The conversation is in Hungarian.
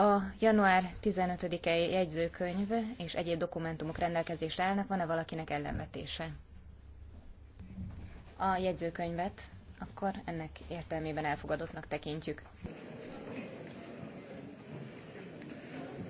A január 15-i jegyzőkönyv és egyéb dokumentumok rendelkezésre állnak, van-e valakinek ellenvetése? A jegyzőkönyvet akkor ennek értelmében elfogadottnak tekintjük.